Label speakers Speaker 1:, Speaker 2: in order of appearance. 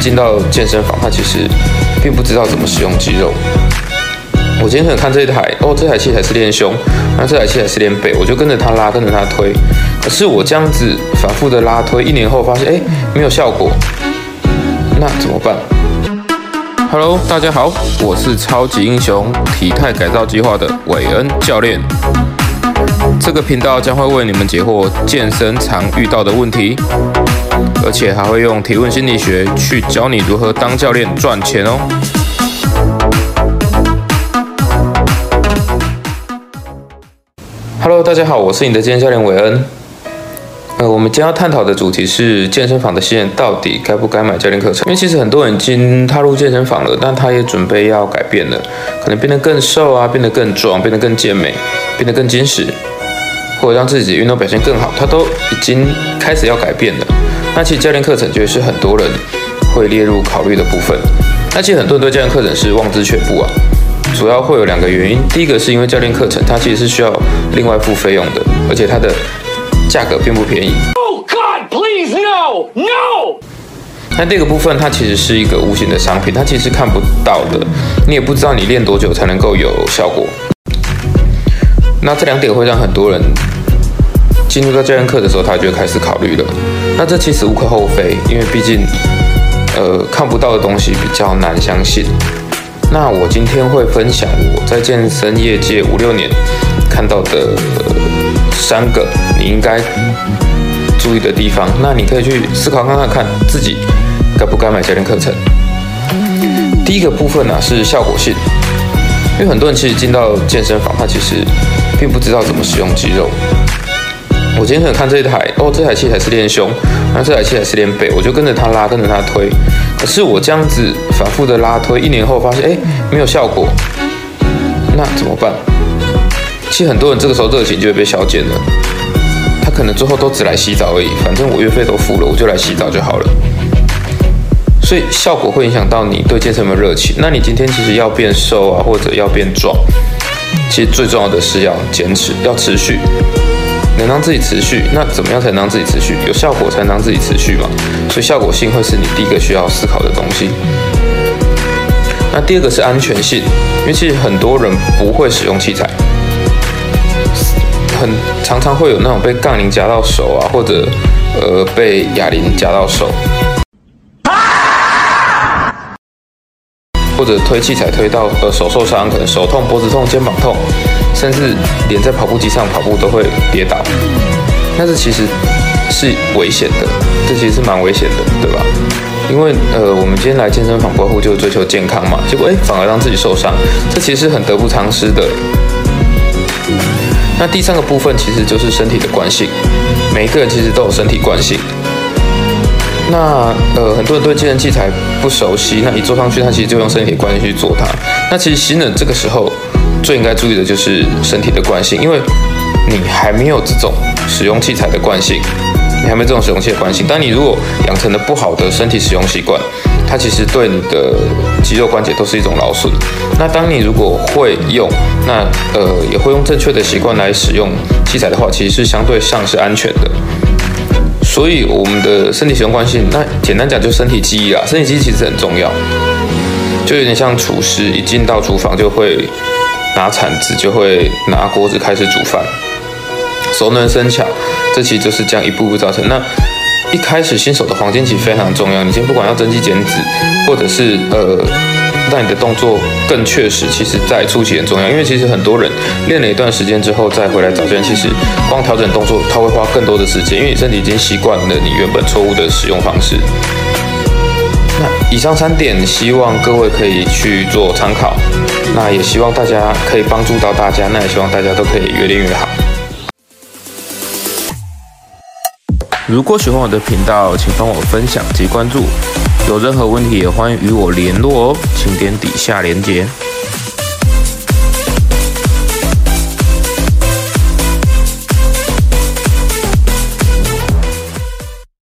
Speaker 1: 進到健身房，他其實並不知道怎麼使用肌肉。我今天很看這一台，哦，這台器材是練胸，那這台器材是練背，我就跟着他拉，跟着他推。可是我這樣子反覆的拉推，一年後發現，哎、欸，沒有效果，那怎麼辦？Hello，大家好，我是超級英雄體態改造計劃的韋恩教練。這個頻道將會為你們解惑健身常遇到的問題。而且還會用提問心理學去教你如何當教練賺錢哦。Hello，大家好，我是你的健身教練韋恩。呃，我們今天要探討的主題是健身房的新人到底該不該買教練課程？因為其實很多人已經踏入健身房了，但他也準備要改變了，可能變得更瘦啊，變得更壯，變得更健美，變得更精實，或者讓自己的運動表現更好，他都已經開始要改變了。那其實教練課程就是很多人會列入考慮的部分。那其實很多人對教練課程是望之卻步啊，主要會有兩個原因。第一個是因為教練課程它其實是需要另外付費用的，而且它的價格並不便宜。Oh God, please no, no！那這個部分它其實是一個無形的商品，它其實看不到的，你也不知道你練多久才能夠有效果。那這兩點會讓很多人。進入到教練課的時候，他就開始考慮了。那這其實無可厚非，因為畢竟，呃，看不到的東西比較難相信。那我今天會分享我在健身業界五六年看到的，呃，三個你應該注意的地方。那你可以去思考看看看自己該不該買教練課程。第一個部分呢，啊，是效果性，因為很多人其實進到健身房，他其實並不知道怎麼使用肌肉。我今天想看這一台，哦，這台器材是練胸，那這台器材是練背，我就跟着他拉，跟着他推。可是我這樣子反覆的拉推，一年後發現，誒，沒有效果，那怎麼辦？其實很多人這個時候熱情就會被消減了，他可能最後都只來洗澡而已。反正我月費都付了，我就來洗澡就好了。所以效果會影響到你對健身的熱情。那你今天其實要變瘦啊，或者要變壯，其實最重要的是要堅持，要持續。能讓自己持續，那怎麼樣才能讓自己持續？有效果才能讓自己持續嘛，所以效果性會是你第一個需要思考的東西。那第二個是安全性，因為其實很多人不會使用器材，很常常會有那種被槓鈴夾到手啊，或者呃被啞鈴夾到手。或者推器材推到呃手受傷，可能手痛、脖子痛、肩膀痛，甚至連在跑步機上跑步都會跌倒。但是其實是危險的，這其實蠻危險的，對吧？因為呃我們今天來健身房過後就追求健康嘛，結果誒、欸，反而讓自己受傷，這其實是很得不償失的。那第三個部分其實就是身體的慣性，每一個人其實都有身體慣性。那呃，很多人對健身器材不熟悉，那一坐上去，他其實就用身體慣性去做它。那其實新人這個時候最應該注意的就是身體的慣性，因為你還沒有這種使用器材的慣性，你還沒有這種使用器的慣性。當你如果養成了不好的身體使用習慣，它其實對你的肌肉關節都是一種勞損。那當你如果會用，那呃也會用正確的習慣來使用器材的話，其實是相對上是安全的。所以我們的身體使用慣性，那簡單講就是身體記憶啦。身體記憶其實很重要，就有點像廚師一進到廚房就會拿鏟子，就會拿鍋子開始煮飯，熟能生巧，這其實就是這樣一步步造成。那一開始新手的黃金期非常重要，你先不管要增肌減脂，或者是呃。那你的動作更確實，其實在初期很重要，因為其實很多人練了一段時間之後再回來找教練，其實光調整動作他會花更多的時間，因為你身體已經習慣了你原本錯誤的使用方式。那以上三點希望各位可以去做參考，那也希望大家可以幫助到大家，那也希望大家都可以越練越好。如果喜歡我的頻道，請幫我分享及關注。有任何問題也歡迎與我聯絡哦，請點底下鏈接。